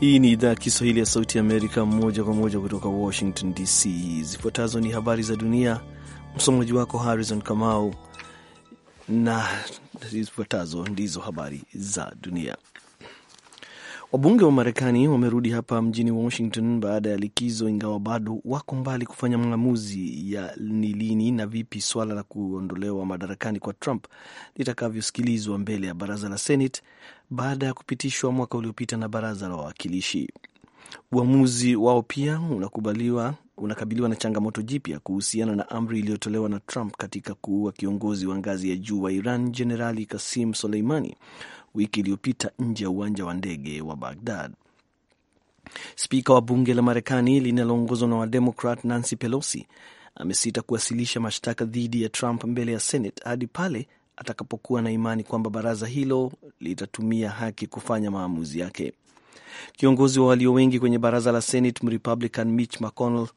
Hii ni idhaa ya Kiswahili ya Sauti ya Amerika, moja kwa moja kutoka Washington DC. Zifuatazo ni habari za dunia, msomaji wako Harrison Kamau, na zifuatazo ndizo habari za dunia. Wabunge wa Marekani wamerudi hapa mjini Washington baada ya likizo, ingawa bado wako mbali kufanya maamuzi ya ni lini na vipi swala la kuondolewa madarakani kwa Trump litakavyosikilizwa mbele ya baraza la Senate baada ya kupitishwa mwaka uliopita na baraza la wawakilishi. Uamuzi wao pia unakubaliwa unakabiliwa na changamoto jipya kuhusiana na amri iliyotolewa na Trump katika kuua kiongozi wa ngazi ya juu wa Iran Jenerali Kasim Soleimani wiki iliyopita nje ya uwanja wa ndege wa bagdad Spika wa bunge la Marekani linaloongozwa na Wademokrat Nancy Pelosi amesita kuwasilisha mashtaka dhidi ya Trump mbele ya Senate hadi pale atakapokuwa na imani kwamba baraza hilo litatumia haki kufanya maamuzi yake. Kiongozi wa walio wengi kwenye baraza la Senate Mrepublican Mitch McConnell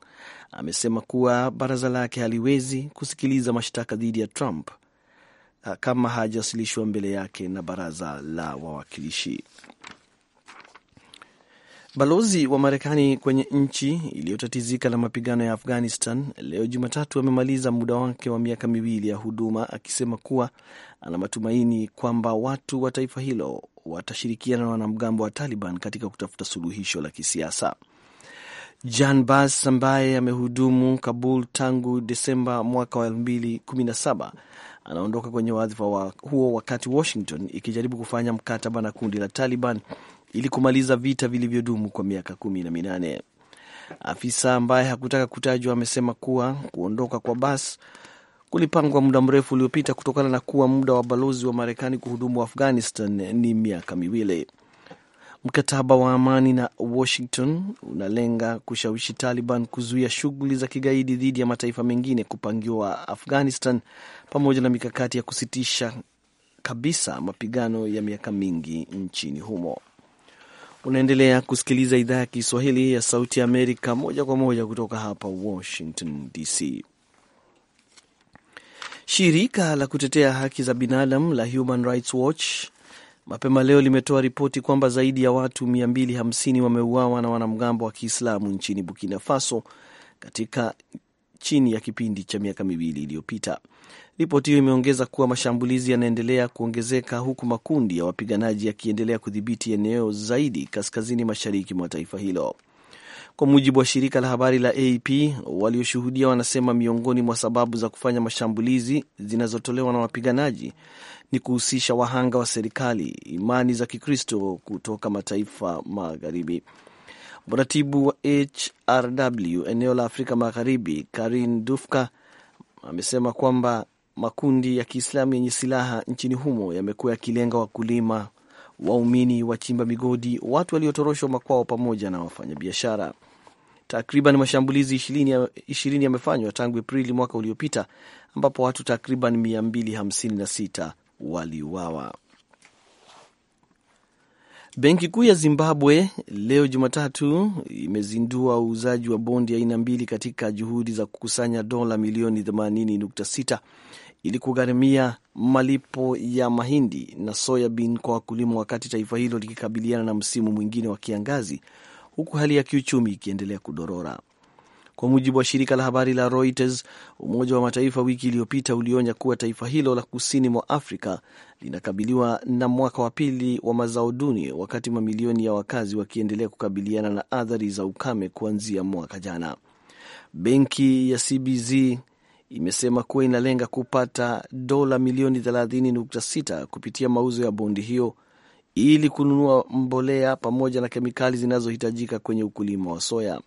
amesema kuwa baraza lake haliwezi kusikiliza mashtaka dhidi ya Trump ah, kama hajawasilishwa mbele yake na baraza la wawakilishi. Balozi wa Marekani kwenye nchi iliyotatizika la mapigano ya Afghanistan leo Jumatatu amemaliza muda wake wa miaka miwili ya huduma akisema kuwa ana matumaini kwamba watu wa taifa hilo watashirikiana na wanamgambo wa Taliban katika kutafuta suluhisho la kisiasa. Jan Bas ambaye amehudumu Kabul tangu Desemba mwaka wa 2017 anaondoka kwenye wadhifa wa huo wakati Washington ikijaribu kufanya mkataba na kundi la Taliban ili kumaliza vita vilivyodumu kwa miaka kumi na minane. Afisa ambaye hakutaka kutajwa amesema kuwa kuondoka kwa Bas kulipangwa muda mrefu uliopita kutokana na kuwa muda wa balozi wa Marekani kuhudumu Afghanistan ni miaka miwili. Mkataba wa amani na Washington unalenga kushawishi Taliban kuzuia shughuli za kigaidi dhidi ya mataifa mengine kupangiwa Afghanistan, pamoja na mikakati ya kusitisha kabisa mapigano ya miaka mingi nchini humo. Unaendelea kusikiliza idhaa ya Kiswahili ya Sauti ya Amerika moja kwa moja kutoka hapa Washington DC. Shirika la kutetea haki za binadamu la Human Rights Watch mapema leo limetoa ripoti kwamba zaidi ya watu 250 wameuawa na wanamgambo wa Kiislamu nchini Burkina Faso katika chini ya kipindi cha miaka miwili iliyopita. Ripoti hiyo imeongeza kuwa mashambulizi yanaendelea kuongezeka huku makundi ya wapiganaji yakiendelea kudhibiti eneo zaidi kaskazini mashariki mwa taifa hilo. Kwa mujibu wa shirika la habari la AP, walioshuhudia wanasema miongoni mwa sababu za kufanya mashambulizi zinazotolewa na wapiganaji ni kuhusisha wahanga wa serikali, imani za Kikristo kutoka mataifa magharibi. Mratibu wa HRW eneo la Afrika Magharibi, Karin Dufka, amesema kwamba makundi ya Kiislamu yenye silaha nchini humo yamekuwa yakilenga wakulima, waumini, wachimba migodi, watu waliotoroshwa makwao, pamoja na wafanyabiashara. Takriban mashambulizi ishirini yamefanywa tangu Aprili mwaka uliopita ambapo watu takriban 256 waliuawa. Benki Kuu ya Zimbabwe leo Jumatatu imezindua uuzaji wa bondi aina mbili katika juhudi za kukusanya dola milioni ili kugharimia malipo ya mahindi na soyabin kwa wakulima, wakati taifa hilo likikabiliana na msimu mwingine wa kiangazi, huku hali ya kiuchumi ikiendelea kudorora. Kwa mujibu wa shirika la habari la Reuters, Umoja wa Mataifa wiki iliyopita ulionya kuwa taifa hilo la kusini mwa Afrika linakabiliwa na mwaka wa pili wa mazao duni, wakati mamilioni ya wakazi wakiendelea kukabiliana na athari za ukame kuanzia mwaka jana. Benki ya CBZ imesema kuwa inalenga kupata dola milioni 30.6 kupitia mauzo ya bondi hiyo ili kununua mbolea pamoja na kemikali zinazohitajika kwenye ukulima wa soya.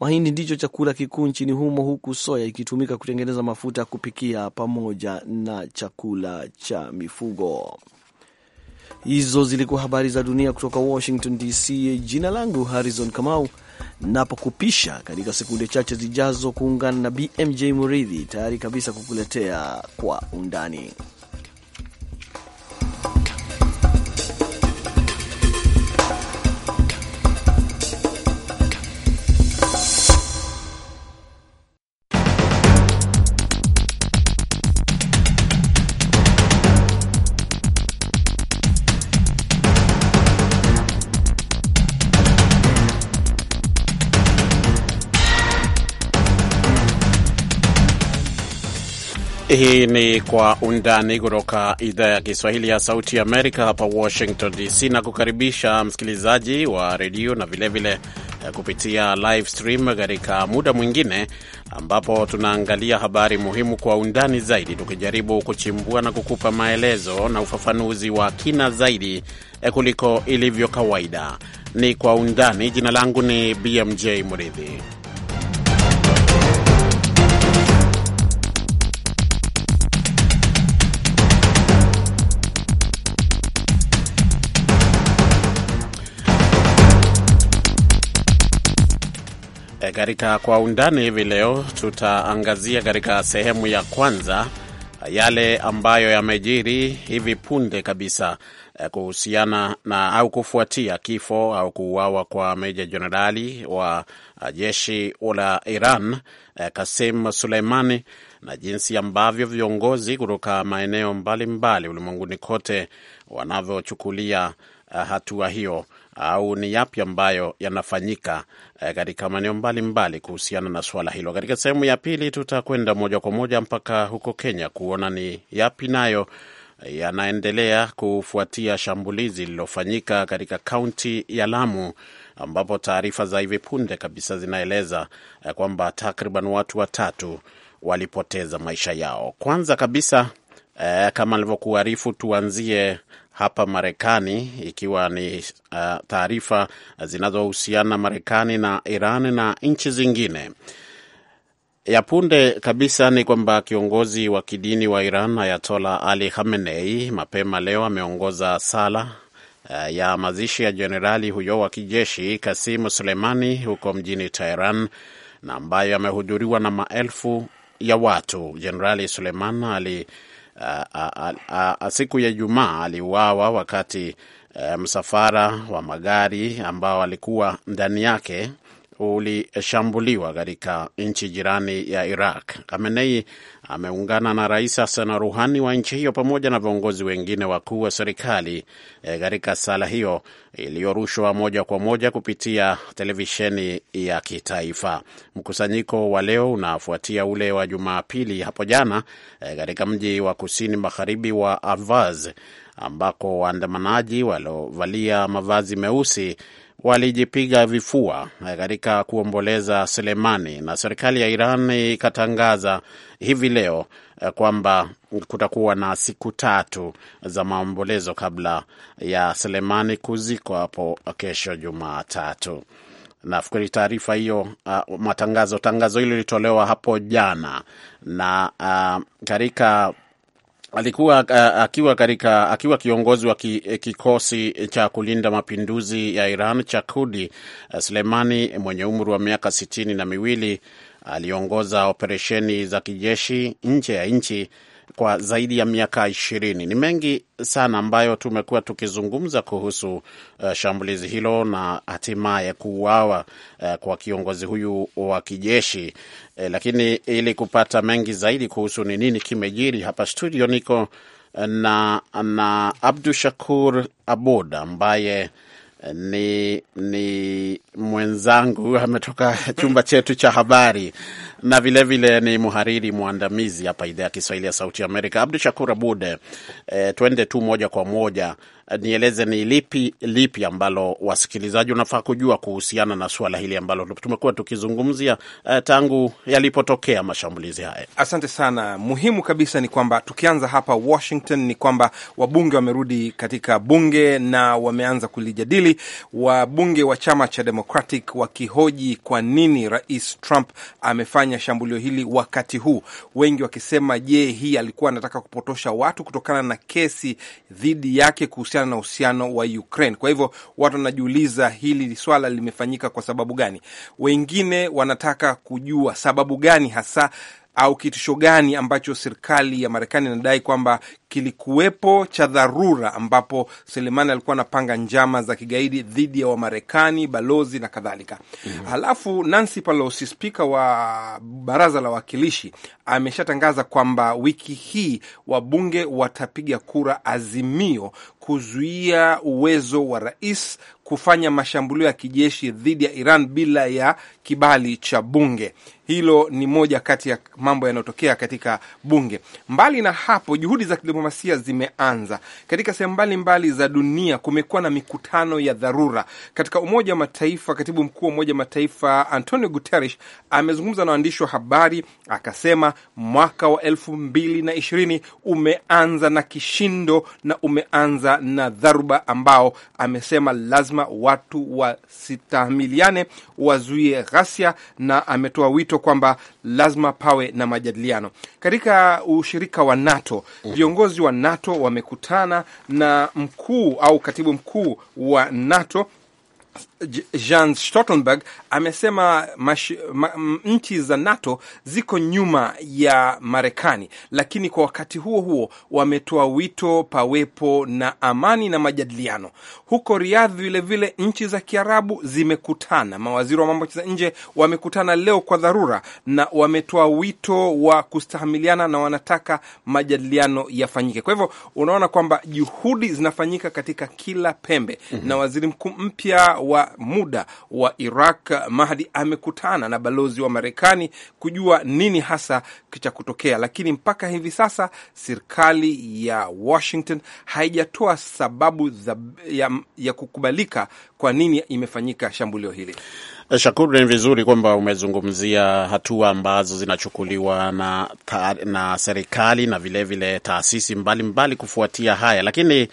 Mahindi ndicho chakula kikuu nchini humo, huku soya ikitumika kutengeneza mafuta ya kupikia pamoja na chakula cha mifugo. Hizo zilikuwa habari za dunia kutoka Washington DC. Jina langu Harrison Kamau napokupisha katika sekunde chache zijazo kuungana na BMJ Muridhi tayari kabisa kukuletea kwa undani. Hii ni Kwa Undani kutoka idhaa ya Kiswahili ya Sauti ya Amerika hapa Washington DC, na kukaribisha msikilizaji wa redio na vilevile vile eh, kupitia live stream katika muda mwingine ambapo tunaangalia habari muhimu kwa undani zaidi, tukijaribu kuchimbua na kukupa maelezo na ufafanuzi wa kina zaidi eh, kuliko ilivyo kawaida. Ni Kwa Undani. Jina langu ni BMJ Muridhi. Eh, katika kwa undani hivi leo tutaangazia katika sehemu ya kwanza eh, yale ambayo yamejiri hivi punde kabisa eh, kuhusiana na au kufuatia kifo au kuuawa kwa meja jenerali wa jeshi la Iran Kasim Suleimani na jinsi ambavyo viongozi kutoka maeneo mbalimbali ulimwenguni kote wanavyochukulia hatua hiyo au ni yapi ambayo yanafanyika eh, katika maeneo mbalimbali kuhusiana na suala hilo. Katika sehemu ya pili, tutakwenda moja kwa moja mpaka huko Kenya kuona ni yapi nayo yanaendelea kufuatia shambulizi lililofanyika katika kaunti ya Lamu ambapo taarifa za hivi punde kabisa zinaeleza eh, kwamba takriban watu watatu walipoteza maisha yao. Kwanza kabisa eh, kama alivyokuarifu tuanzie hapa Marekani, ikiwa ni uh, taarifa zinazohusiana Marekani na Iran na nchi zingine. Ya punde kabisa ni kwamba kiongozi wa kidini wa Iran Ayatola Ali Khamenei mapema leo ameongoza sala uh, ya mazishi ya jenerali huyo wa kijeshi Kasimu Suleimani huko mjini Teheran na ambayo amehudhuriwa na maelfu ya watu. Jenerali Suleiman ali a, a, a, a, siku ya Ijumaa aliuawa wakati eh, msafara wa magari ambao alikuwa ndani yake ulishambuliwa katika nchi jirani ya Iraq. Khamenei ameungana na Rais Hassan Ruhani wa nchi hiyo pamoja na viongozi wengine wakuu wa serikali eh, katika sala hiyo iliyorushwa moja kwa moja kupitia televisheni ya kitaifa. Mkusanyiko wa leo unafuatia ule wa Jumapili hapo jana eh, katika mji wa kusini magharibi wa Avaz ambako waandamanaji waliovalia mavazi meusi walijipiga vifua eh, katika kuomboleza Selemani, na serikali ya Iran ikatangaza hivi leo eh, kwamba kutakuwa na siku tatu za maombolezo kabla ya Selemani kuzikwa hapo kesho Jumatatu. Nafikiri taarifa hiyo uh, matangazo tangazo hilo lilitolewa hapo jana na uh, katika alikuwa akiwa katika akiwa kiongozi wa eh, kikosi cha kulinda mapinduzi ya Iran cha Kudi. Eh, Sulemani mwenye umri wa miaka sitini na miwili aliongoza operesheni za kijeshi nje ya nchi kwa zaidi ya miaka ishirini. Ni mengi sana ambayo tumekuwa tukizungumza kuhusu uh, shambulizi hilo na hatimaye kuuawa uh, kwa kiongozi huyu wa kijeshi uh, lakini ili kupata mengi zaidi kuhusu ni nini kimejiri, hapa studio niko uh, na, na Abdu Shakur Abud ambaye uh, ni, ni mwenzangu ametoka chumba chetu cha habari na vilevile vile ni mhariri mwandamizi hapa idhaa ya Kiswahili ya Sauti Amerika, Abdu Shakur Abud. E, twende tu moja kwa moja, eh, nieleze ni lipi lipi ambalo wasikilizaji unafaa kujua kuhusiana na suala hili ambalo tumekuwa tukizungumzia e, tangu yalipotokea mashambulizi haya. Asante sana. Muhimu kabisa ni kwamba tukianza hapa Washington ni kwamba wabunge wamerudi katika bunge na wameanza kulijadili, wabunge wa chama cha Demokrasia Democratic wakihoji kwa nini Rais Trump amefanya shambulio hili wakati huu, wengi wakisema, je, hii alikuwa anataka kupotosha watu kutokana na kesi dhidi yake kuhusiana na uhusiano wa Ukraine. Kwa hivyo watu wanajiuliza hili swala limefanyika kwa sababu gani? Wengine wanataka kujua sababu gani hasa au kitisho gani ambacho serikali ya Marekani inadai kwamba kilikuwepo cha dharura, ambapo Selemani alikuwa anapanga njama za kigaidi dhidi ya Wamarekani, balozi na kadhalika. mm -hmm. Halafu Nancy Pelosi, spika wa baraza la wawakilishi, ameshatangaza kwamba wiki hii wabunge watapiga kura azimio kuzuia uwezo wa rais kufanya mashambulio ya kijeshi dhidi ya Iran bila ya kibali cha bunge. Hilo ni moja kati ya mambo yanayotokea katika bunge. Mbali na hapo, juhudi za kidiplomasia zimeanza katika sehemu mbalimbali za dunia. Kumekuwa na mikutano ya dharura katika Umoja wa Mataifa. Katibu mkuu wa Umoja wa Mataifa Antonio Guterres amezungumza na waandishi wa habari akasema, mwaka wa elfu mbili na ishirini umeanza na kishindo na umeanza na dharuba, ambao amesema lazima watu wasitahamiliane, wazuie ghasia, na ametoa wito kwamba lazima pawe na majadiliano katika ushirika wa NATO. Viongozi wa NATO wamekutana na mkuu au katibu mkuu wa NATO Jean Stoltenberg amesema mashi, ma, nchi za NATO ziko nyuma ya Marekani, lakini kwa wakati huo huo wametoa wito pawepo na amani na majadiliano. Huko Riyadh vilevile nchi za Kiarabu zimekutana, mawaziri wa mambo za nje wamekutana leo kwa dharura na wametoa wito wa kustahamiliana na wanataka majadiliano yafanyike. Kwa hivyo unaona kwamba juhudi zinafanyika katika kila pembe mm -hmm. na waziri mkuu mpya wa muda wa Iraq Mahdi amekutana na balozi wa Marekani kujua nini hasa cha kutokea, lakini mpaka hivi sasa serikali ya Washington haijatoa sababu za, ya, ya kukubalika kwa nini imefanyika shambulio hili. Shakuru, ni vizuri kwamba umezungumzia hatua ambazo zinachukuliwa na, na serikali na vilevile vile taasisi mbalimbali mbali kufuatia haya, lakini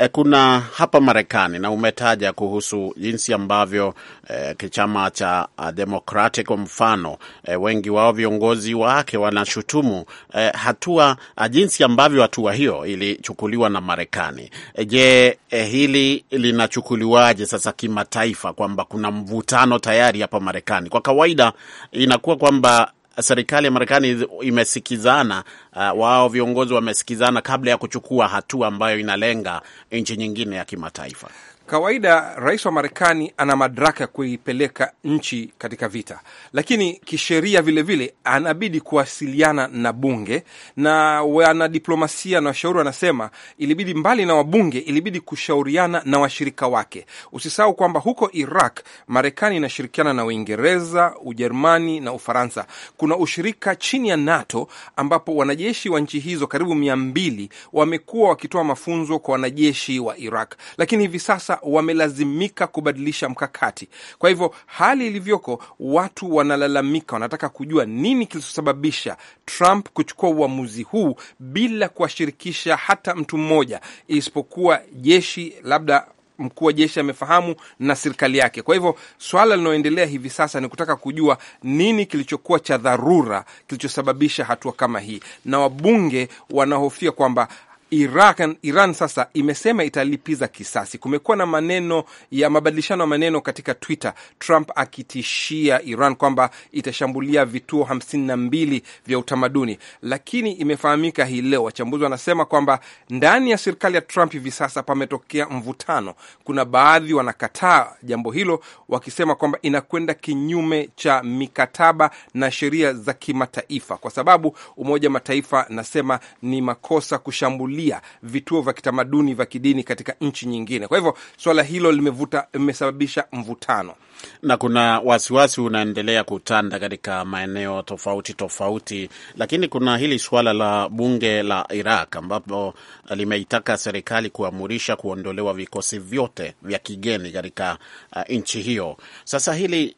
Eh, kuna hapa Marekani na umetaja kuhusu jinsi ambavyo eh, chama cha ah, Democratic kwa mfano eh, wengi wao viongozi wake wanashutumu eh, hatua ah, jinsi ambavyo hatua hiyo ilichukuliwa na Marekani. Eh, je, eh, hili linachukuliwaje sasa kimataifa kwamba kuna mvutano tayari hapa Marekani? Kwa kawaida inakuwa kwamba serikali ya Marekani imesikizana, uh, wao viongozi wamesikizana kabla ya kuchukua hatua ambayo inalenga nchi nyingine ya kimataifa. Kawaida rais wa Marekani ana madaraka ya kuipeleka nchi katika vita, lakini kisheria vilevile anabidi kuwasiliana na bunge na wanadiplomasia na washauri wanasema, ilibidi mbali na wabunge, ilibidi kushauriana na washirika wake. Usisahau kwamba huko Iraq Marekani inashirikiana na Uingereza, Ujerumani na Ufaransa. Kuna ushirika chini ya NATO ambapo wanajeshi wa nchi hizo karibu mia mbili wamekuwa wakitoa mafunzo kwa wanajeshi wa Iraq, lakini hivi sasa wamelazimika kubadilisha mkakati. Kwa hivyo hali ilivyoko, watu wanalalamika, wanataka kujua nini kilichosababisha Trump kuchukua uamuzi huu bila kuwashirikisha hata mtu mmoja, isipokuwa jeshi, labda mkuu wa jeshi amefahamu na serikali yake. Kwa hivyo swala linaloendelea hivi sasa ni kutaka kujua nini kilichokuwa cha dharura kilichosababisha hatua kama hii, na wabunge wanahofia kwamba Iran, Iran sasa imesema italipiza kisasi. Kumekuwa na maneno ya mabadilishano ya maneno katika Twitter, Trump akitishia Iran kwamba itashambulia vituo hamsini na mbili vya utamaduni, lakini imefahamika hii leo, wachambuzi wanasema kwamba ndani ya serikali ya Trump hivi sasa pametokea mvutano. Kuna baadhi wanakataa jambo hilo, wakisema kwamba inakwenda kinyume cha mikataba na sheria za kimataifa, kwa sababu Umoja Mataifa nasema ni makosa kushambulia kuzuilia vituo vya kitamaduni vya kidini katika nchi nyingine. Kwa hivyo suala hilo limevuta, limesababisha mvutano na kuna wasiwasi unaendelea kutanda katika maeneo tofauti tofauti, lakini kuna hili suala la bunge la Iraq ambapo limeitaka serikali kuamurisha kuondolewa vikosi vyote vya kigeni katika uh, nchi hiyo. Sasa hili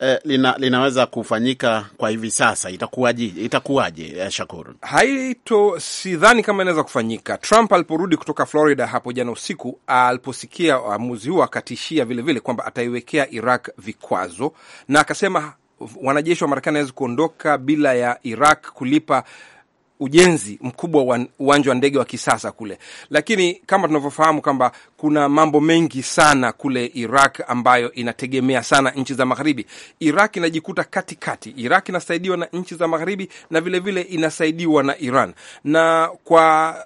eh, lina, linaweza kufanyika kwa hivi sasa itakuwaje? Itakuwaje eh, Shakuru? Haito, sidhani kama inaweza kufanyika. Trump aliporudi kutoka Florida hapo jana usiku, aliposikia uamuzi huo, akatishia vilevile kwamba ataiwekea Iraq vikwazo na akasema wanajeshi wa Marekani hawezi kuondoka bila ya Iraq kulipa ujenzi mkubwa wa uwanja wa ndege wa kisasa kule, lakini kama tunavyofahamu kwamba kuna mambo mengi sana kule Iraq ambayo inategemea sana nchi za magharibi. Iraq inajikuta katikati. Iraq inasaidiwa na nchi za magharibi na vilevile vile inasaidiwa na Iran na kwa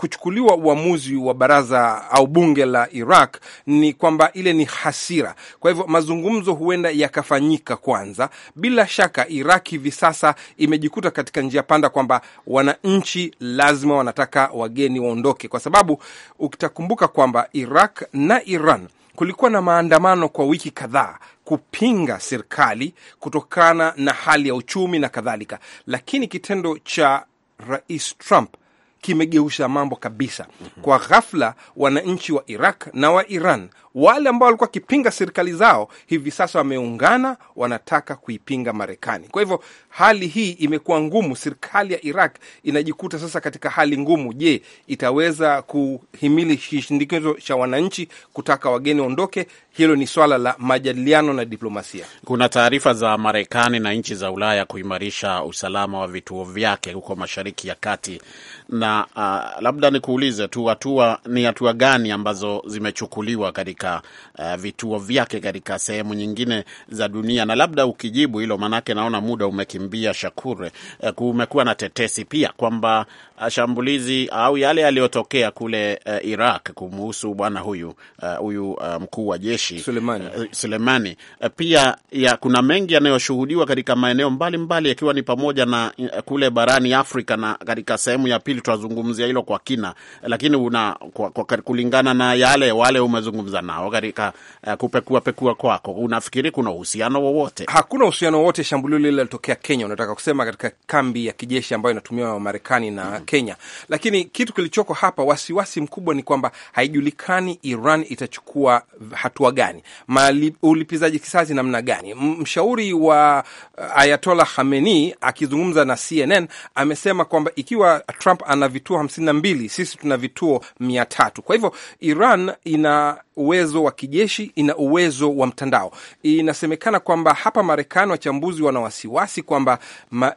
kuchukuliwa uamuzi wa baraza au bunge la Iraq ni kwamba ile ni hasira. Kwa hivyo mazungumzo huenda yakafanyika kwanza. Bila shaka, Iraq hivi sasa imejikuta katika njia panda, kwamba wananchi lazima wanataka wageni waondoke, kwa sababu ukitakumbuka kwamba Iraq na Iran kulikuwa na maandamano kwa wiki kadhaa kupinga serikali kutokana na hali ya uchumi na kadhalika, lakini kitendo cha Rais Trump kimegeusha mambo kabisa. Kwa ghafla, wananchi wa Iraq na wa Iran wale ambao walikuwa wakipinga serikali zao hivi sasa wameungana, wanataka kuipinga Marekani. Kwa hivyo hali hii imekuwa ngumu. Serikali ya Iraq inajikuta sasa katika hali ngumu. Je, itaweza kuhimili kishindikizo cha wananchi kutaka wageni waondoke? hilo ni swala la majadiliano na diplomasia. Kuna taarifa za Marekani na nchi za Ulaya kuimarisha usalama wa vituo vyake huko Mashariki ya Kati na uh, labda nikuulize tu hatua ni hatua gani ambazo zimechukuliwa katika uh, vituo vyake katika sehemu nyingine za dunia, na labda ukijibu hilo, maanake naona muda umekimbia. Shakure, uh, kumekuwa na tetesi pia kwamba uh, shambulizi au yale yaliyotokea kule uh, Iraq kumuhusu bwana huyu uh, huyu uh, mkuu wa jeshi kijeshi Sulemani, uh, eh, Sulemani. Uh, eh, pia ya, kuna mengi yanayoshuhudiwa katika maeneo mbalimbali yakiwa ni pamoja na uh, kule barani Afrika na katika sehemu ya pili tutazungumzia hilo kwa kina, lakini una, kwa, kwa, kulingana na yale wale umezungumza nao katika uh, kupekua pekua kwako, unafikiri kuna uhusiano wowote? Hakuna uhusiano wowote. Shambulio lile lilotokea Kenya, unataka kusema katika kambi ya kijeshi ambayo inatumiwa na Marekani na mm -hmm. Kenya, lakini kitu kilichoko hapa wasiwasi wasi mkubwa ni kwamba haijulikani Iran itachukua hatua kubwa gani, ulipizaji kisasi namna gani? Mshauri wa uh, Ayatola Khamenei akizungumza na CNN amesema kwamba ikiwa Trump ana vituo hamsini na mbili, sisi tuna vituo mia tatu. Kwa hivyo Iran ina uwezo wa kijeshi, ina uwezo wa mtandao. Inasemekana kwamba hapa Marekani wachambuzi wana wasiwasi kwamba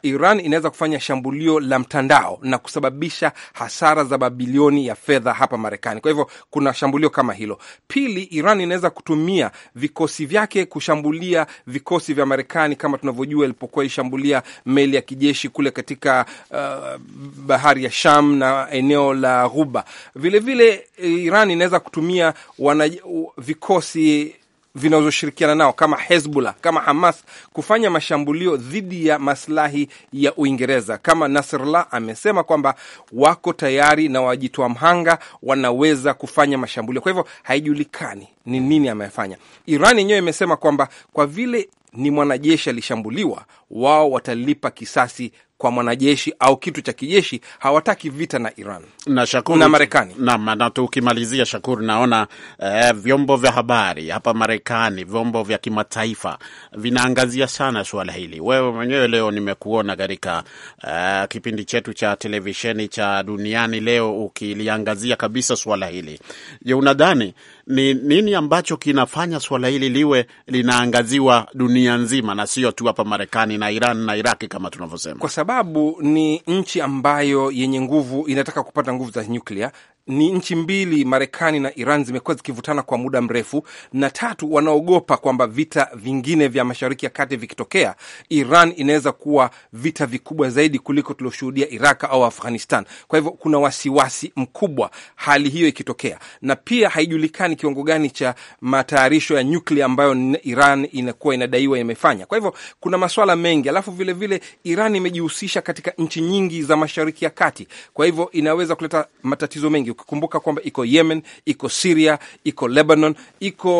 Iran inaweza kufanya shambulio la mtandao na kusababisha hasara za mabilioni ya fedha hapa Marekani. Kwa hivyo kuna shambulio kama hilo. Pili, Iran inaweza kutumia vikosi vyake kushambulia vikosi vya Marekani kama tunavyojua ilipokuwa ishambulia meli ya kijeshi kule katika uh, bahari ya Sham na eneo la Ghuba. Vilevile eh, Iran inaweza kutumia wana vikosi vinazoshirikiana nao kama Hezbollah kama Hamas kufanya mashambulio dhidi ya maslahi ya Uingereza, kama Nasrallah amesema kwamba wako tayari na wajitoa mhanga wanaweza kufanya mashambulio. Kwa hivyo haijulikani ni nini amefanya. Iran yenyewe imesema kwamba kwa vile ni mwanajeshi alishambuliwa, wao watalipa kisasi kwa mwanajeshi au kitu cha kijeshi. Hawataki vita na Iran na, Shakuru, na Marekani nam na tukimalizia Shakur, naona eh, vyombo vya habari hapa Marekani, vyombo vya kimataifa vinaangazia sana suala hili. Wewe mwenyewe leo nimekuona katika eh, kipindi chetu cha televisheni cha Duniani Leo ukiliangazia kabisa suala hili. Je, unadhani ni nini ambacho kinafanya suala hili liwe linaangaziwa dunia nzima na sio tu hapa Marekani na Iran na Iraki kama tunavyosema? Kwa sababu ni nchi ambayo yenye nguvu, inataka kupata nguvu za nyuklia ni nchi mbili Marekani na Iran zimekuwa zikivutana kwa muda mrefu, na tatu, wanaogopa kwamba vita vingine vya Mashariki ya Kati vikitokea, Iran inaweza kuwa vita vikubwa zaidi kuliko tulioshuhudia Iraq au Afghanistan. Kwa hivyo kuna wasiwasi mkubwa hali hiyo ikitokea, na pia haijulikani kiwango gani cha matayarisho ya nyuklia ambayo Iran inakuwa inadaiwa imefanya. Kwa hivyo kuna maswala mengi, alafu vilevile vile Iran imejihusisha katika nchi nyingi za Mashariki ya Kati, kwa hivyo inaweza kuleta matatizo mengi ukikumbuka kwamba iko Yemen, iko Siria, iko Lebanon, iko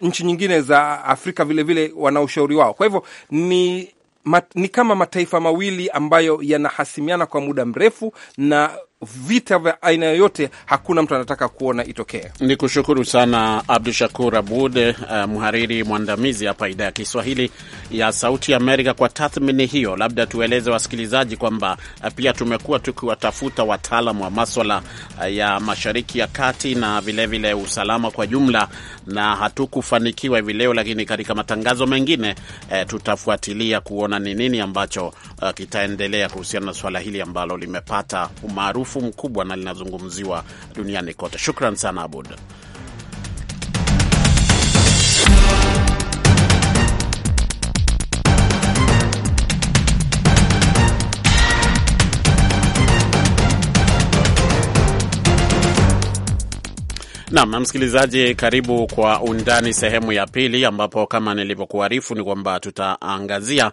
nchi nyingine za Afrika vilevile, wana ushauri wao. Kwa hivyo ni Mat, ni kama mataifa mawili ambayo yanahasimiana kwa muda mrefu na vita vya aina yoyote hakuna mtu anataka kuona itokee. Ni kushukuru sana Abdu Shakur Abud, uh, mhariri mwandamizi hapa idhaa ya Kiswahili ya Sauti Amerika kwa tathmini hiyo. Labda tueleze wasikilizaji kwamba uh, pia tumekuwa tukiwatafuta wataalam wa maswala uh, ya Mashariki ya Kati na vilevile vile usalama kwa jumla, na hatukufanikiwa hivi leo, lakini katika matangazo mengine uh, tutafuatilia kuona ni nini ambacho uh, kitaendelea kuhusiana na swala hili ambalo limepata umaarufu umaarufu mkubwa na linazungumziwa duniani kote. Shukran sana Abud. Nam msikilizaji, karibu kwa undani sehemu ya pili, ambapo kama nilivyokuarifu ni kwamba tutaangazia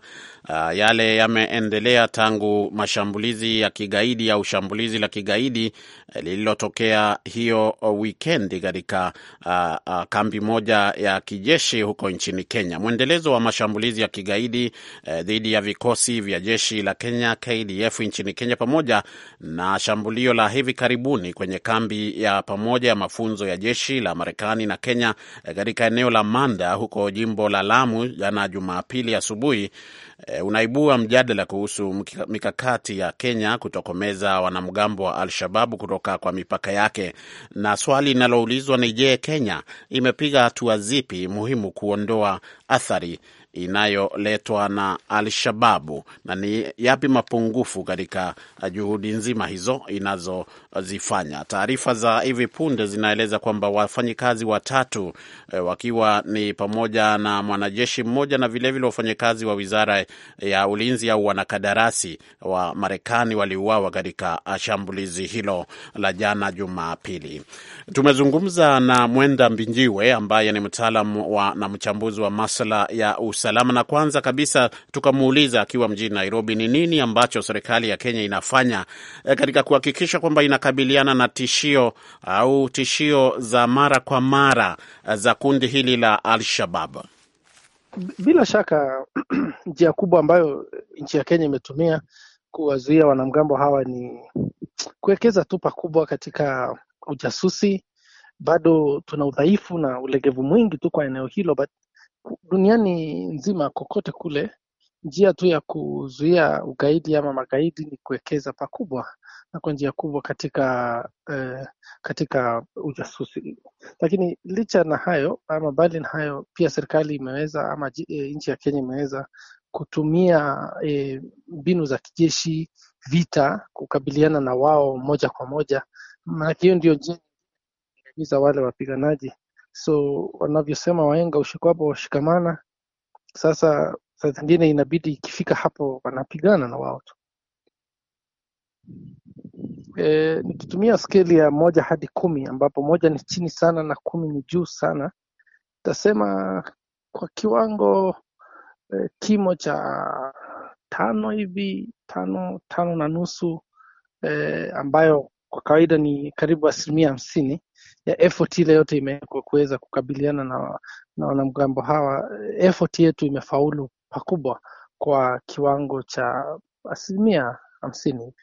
uh, yale yameendelea tangu mashambulizi ya kigaidi au shambulizi la kigaidi eh, lililotokea hiyo wikendi katika uh, uh, kambi moja ya kijeshi huko nchini Kenya. Mwendelezo wa mashambulizi ya kigaidi uh, dhidi ya vikosi vya jeshi la Kenya KDF nchini Kenya pamoja na shambulio la hivi karibuni kwenye kambi ya pamoja ya mafunzo ya jeshi la Marekani na Kenya eh, katika eneo la Manda huko jimbo la Lamu jana Jumapili asubuhi e, unaibua mjadala kuhusu mikakati ya Kenya kutokomeza wanamgambo wa al shabab kutoka kwa mipaka yake, na swali linaloulizwa ni je, Kenya imepiga hatua zipi muhimu kuondoa athari inayoletwa na Alshababu na ni yapi mapungufu katika juhudi nzima hizo inazozifanya. Taarifa za hivi punde zinaeleza kwamba wafanyikazi watatu e, wakiwa ni pamoja na mwanajeshi mmoja na vilevile wafanyikazi wa wizara ya ulinzi au wanakadarasi wa Marekani waliuawa katika shambulizi hilo la jana Jumapili. Tumezungumza na Mwenda Mbinjiwe ambaye ni mtaalam na mchambuzi wa masuala ya usa usalama, na kwanza kabisa tukamuuliza akiwa mjini Nairobi, ni nini ambacho serikali ya Kenya inafanya eh, katika kuhakikisha kwamba inakabiliana na tishio au tishio za mara kwa mara eh, za kundi hili la Al-Shabab? Bila shaka njia kubwa ambayo nchi ya Kenya imetumia kuwazuia wanamgambo hawa ni kuwekeza tu pakubwa katika ujasusi. Bado tuna udhaifu na ulegevu mwingi tu kwa eneo hilo, but duniani nzima kokote kule njia tu ya kuzuia ugaidi ama magaidi ni kuwekeza pakubwa na kwa njia kubwa katika eh, katika ujasusi. Lakini licha na hayo ama mbali na hayo, pia serikali imeweza ama eh, nchi ya Kenya imeweza kutumia eh, mbinu za kijeshi, vita, kukabiliana na wao moja kwa moja, maanake hiyo ndio njia za wale wapiganaji so wanavyosema waenga ushikwapo washikamana. Sasa saa zingine inabidi ikifika hapo wanapigana na wao tu. E, nikitumia skeli ya moja hadi kumi ambapo moja ni chini sana na kumi ni juu sana, tasema kwa kiwango e, kimo cha tano hivi tano tano na nusu e, ambayo kwa kawaida ni karibu asilimia hamsini ya effort ile yote imewekwa kuweza kukabiliana na, na wanamgambo hawa, effort yetu imefaulu pakubwa kwa kiwango cha asilimia hamsini hivi.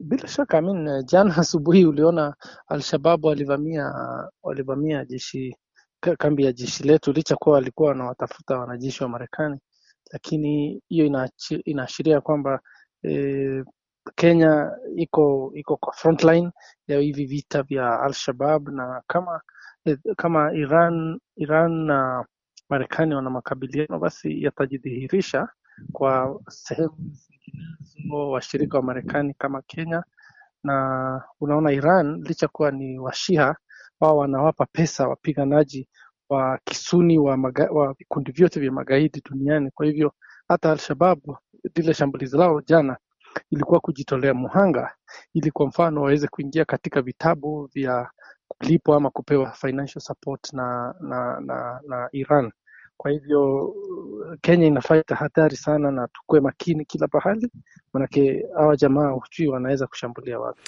Bila shaka Amin, jana asubuhi uliona Alshababu walivamia walivamia jeshi kambi ya jeshi letu, licha kuwa walikuwa wanawatafuta wanajeshi wa Marekani, lakini hiyo inaashiria kwamba e, Kenya iko iko kwa frontline ya hivi vita vya Al-Shabab na kama kama Iran Iran na Marekani wana makabiliano, basi yatajidhihirisha kwa sehemu zinginezo washirika wa Marekani kama Kenya na unaona Iran licha kuwa ni washiha wao wanawapa pesa wapiganaji wa kisuni wa vikundi vyote vya magaidi duniani. Kwa hivyo hata Al-Shabab lile shambulizi lao jana ilikuwa kujitolea muhanga ili kwa mfano waweze kuingia katika vitabu vya kulipwa ama kupewa financial support na, na, na, na Iran kwa hivyo Kenya inafaita tahadhari sana na tukue makini kila pahali, manake hawa jamaa hujui wanaweza kushambulia watu.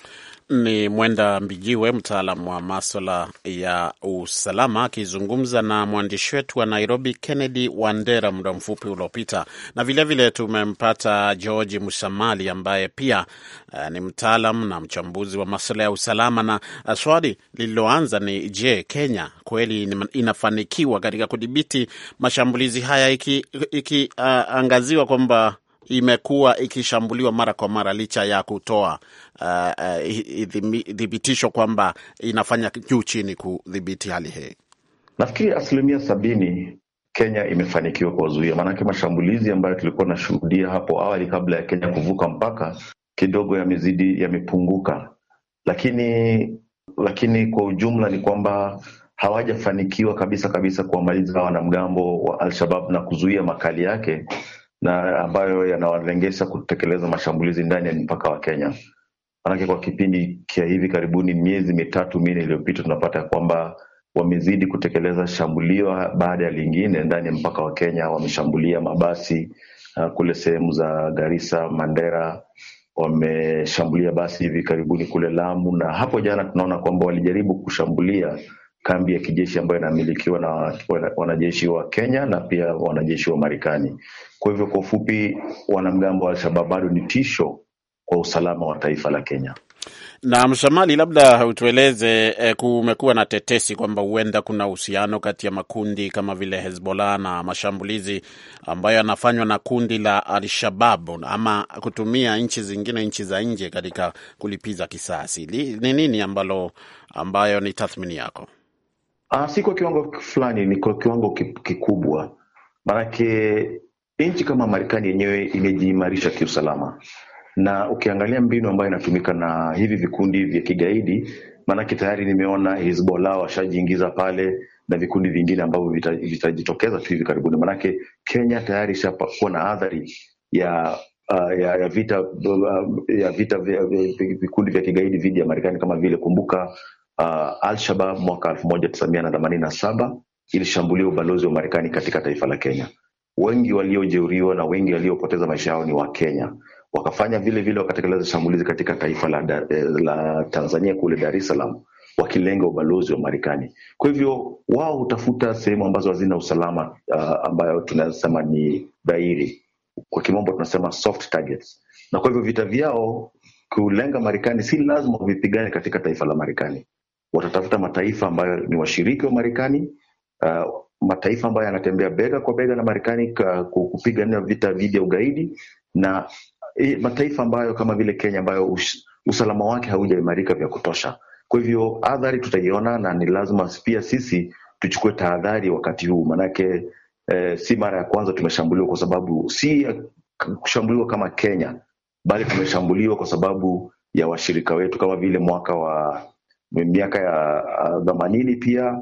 Ni Mwenda Mbijiwe, mtaalam wa maswala ya usalama, akizungumza na mwandishi wetu wa Nairobi Kennedy Wandera muda mfupi uliopita, na vilevile tumempata George Musamali ambaye pia uh, ni mtaalam na mchambuzi wa maswala ya usalama, na uh, swali lililoanza ni je, Kenya kweli inafanikiwa katika kudhibiti mashambulizi haya ikiangaziwa iki, uh, kwamba imekuwa ikishambuliwa mara kwa mara licha ya kutoa thibitisho ah, ah, uh, uh, kwamba inafanya juu chini kudhibiti hali hii. Nafikiri asilimia sabini Kenya imefanikiwa kuwazuia, maanake mashambulizi ambayo tulikuwa nashuhudia hapo awali kabla ya Kenya kuvuka mpaka kidogo yamezidi, yamepunguka, lakini lakini kwa ujumla ni kwamba hawajafanikiwa kabisa kabisa kuwamaliza wanamgambo wa Al-Shabab na kuzuia makali yake na ambayo yanawalengesha kutekeleza mashambulizi ndani ya mpaka wa Kenya. Manake kwa kipindi cha hivi karibuni, miezi mitatu minne iliyopita, tunapata kwamba wamezidi kutekeleza shambulio baada ya lingine ndani ya mpaka wa Kenya. Wameshambulia mabasi uh, kule sehemu za Garissa, Mandera, wameshambulia basi hivi karibuni kule Lamu, na hapo jana tunaona kwamba walijaribu kushambulia kambi ya kijeshi ambayo inamilikiwa na wanajeshi wa Kenya na pia wanajeshi wa Marekani. Kwa hivyo, kwa ufupi, wanamgambo wa shabab bado ni tisho kwa usalama wa taifa la Kenya. Na Mshamali, labda utueleze eh, kumekuwa na tetesi kwamba huenda kuna uhusiano kati ya makundi kama vile Hezbollah na mashambulizi ambayo yanafanywa na kundi la Al-Shabab ama kutumia nchi zingine, nchi za nje katika kulipiza kisasi. Ni nini ambalo ambayo ni tathmini yako? Uh, si kwa kiwango fulani, ni kwa kiwango kikubwa, manake nchi kama Marekani yenyewe imejiimarisha kiusalama, na ukiangalia mbinu ambayo inatumika na hivi vikundi vya kigaidi, maanake tayari nimeona Hezbollah washajiingiza pale na vikundi vingine ambavyo vitajitokeza vita tu hivi karibuni, manake Kenya tayari ishakuwa na athari ya Uh, ya, ya vita ah, ya vita vikundi vya kigaidi dhidi ya Marekani kama vile kumbuka uh, Al-Shabab mwaka elfu moja tisa mia na themanini na saba ilishambulia ubalozi wa Marekani katika taifa la Kenya. Wengi waliojeruhiwa na wengi waliopoteza maisha yao ni Wakenya. Wakafanya vile vile wakatekeleza shambulizi katika taifa la, da, eh, la Tanzania kule Dar es Salaam wakilenga ubalozi wa Marekani. Kwa hivyo wao hutafuta sehemu ambazo hazina usalama uh, ambayo tunasema ni dhahiri, kwa kimombo tunasema soft targets. Na kwa hivyo vita vyao kulenga Marekani si lazima vipigane katika taifa la Marekani, watatafuta mataifa ambayo ni washiriki wa Marekani, uh, mataifa ambayo yanatembea bega kwa bega na Marekani kupigania vita dhidi ya ugaidi na e, mataifa ambayo kama vile Kenya ambayo us, usalama wake haujaimarika vya kutosha. Kwa hivyo adhari tutaiona, na ni lazima pia sisi tuchukue tahadhari wakati huu, maanake e, eh, si mara ya kwanza tumeshambuliwa kwa sababu si kushambuliwa kama Kenya, bali tumeshambuliwa kwa sababu ya washirika wetu kama vile mwaka wa miaka ya ah, themanini pia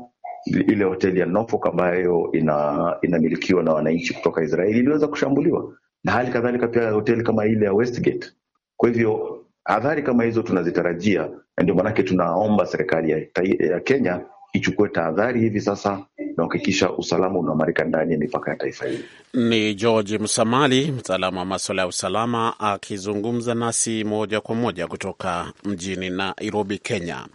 ile hoteli ya Norfolk ambayo ina inamilikiwa na wananchi kutoka Israeli iliweza kushambuliwa, na hali kadhalika pia hoteli kama ile ya Westgate. Kwa hivyo athari kama hizo tunazitarajia, na ndio maanake tunaomba serikali ya, ya Kenya ichukue tahadhari hivi sasa na kuhakikisha usalama unaimarika ndani ya mipaka ya taifa hili. Ni George Msamali, mtaalamu wa maswala ya usalama, akizungumza nasi moja kwa moja kutoka mjini Nairobi, Kenya.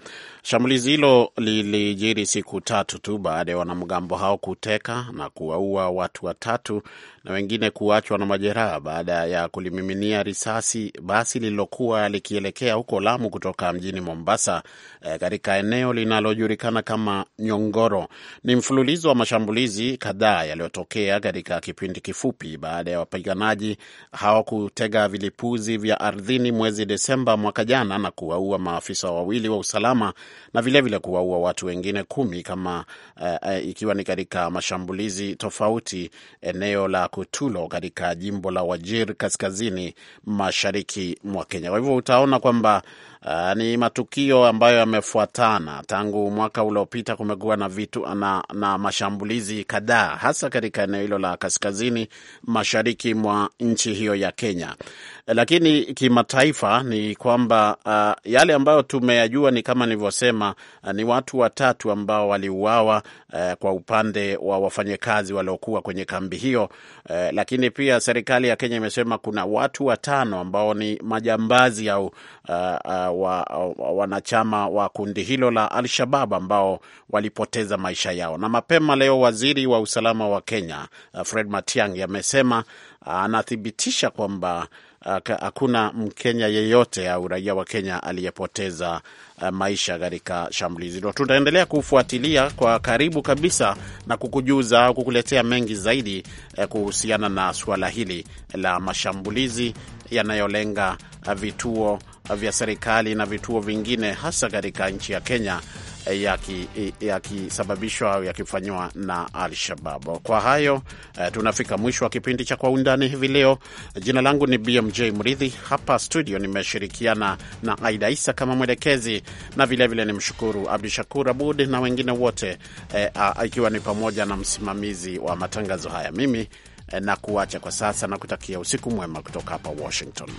Shambulizi hilo lilijiri siku tatu tu baada ya wanamgambo hao kuteka na kuwaua watu watatu na wengine kuachwa na majeraha baada ya kulimiminia risasi basi lililokuwa likielekea huko Lamu kutoka mjini Mombasa, e, katika eneo linalojulikana kama Nyongoro. Ni mfululizo wa mashambulizi kadhaa yaliyotokea katika kipindi kifupi baada ya wapiganaji hao kutega vilipuzi vya ardhini mwezi Desemba mwaka jana na kuwaua maafisa wawili wa usalama na vilevile kuwaua watu wengine kumi kama uh, ikiwa ni katika mashambulizi tofauti eneo la Kutulo katika jimbo la Wajir kaskazini mashariki mwa Kenya. Kwa hivyo utaona kwamba Uh, ni matukio ambayo yamefuatana tangu mwaka uliopita. Kumekuwa na vitu na, na mashambulizi kadhaa hasa katika eneo hilo la kaskazini mashariki mwa nchi hiyo ya Kenya. Lakini kimataifa ni kwamba uh, yale ambayo tumeyajua ni kama nilivyosema, uh, ni watu watatu ambao waliuawa uh, kwa upande wa wafanyakazi waliokuwa kwenye kambi hiyo uh, lakini pia serikali ya Kenya imesema kuna watu watano ambao ni majambazi au uh, uh, wa, uh, wanachama wa kundi hilo la Al-Shabab ambao walipoteza maisha yao. Na mapema leo waziri wa usalama wa Kenya uh, Fred Matiang'i amesema uh, anathibitisha uh, kwamba hakuna Mkenya yeyote au raia wa Kenya aliyepoteza uh, maisha katika shambulizi hilo. Tutaendelea kufuatilia kwa karibu kabisa na kukujuza au kukuletea mengi zaidi uh, kuhusiana na suala hili la mashambulizi yanayolenga vituo vya serikali na vituo vingine hasa katika nchi ya Kenya eh, eh, yakisababishwa ya au yakifanywa na Al-Shabab. Kwa hayo eh, tunafika mwisho wa kipindi cha Kwa Undani hivi leo. Jina langu ni BMJ Mridhi, hapa studio nimeshirikiana na Aida Isa kama mwelekezi, na vilevile ni mshukuru Abdu Shakur Abud na wengine wote eh, a, ikiwa ni pamoja na msimamizi wa matangazo haya. Mimi eh, na kuacha kwa sasa na kutakia usiku mwema kutoka hapa Washington.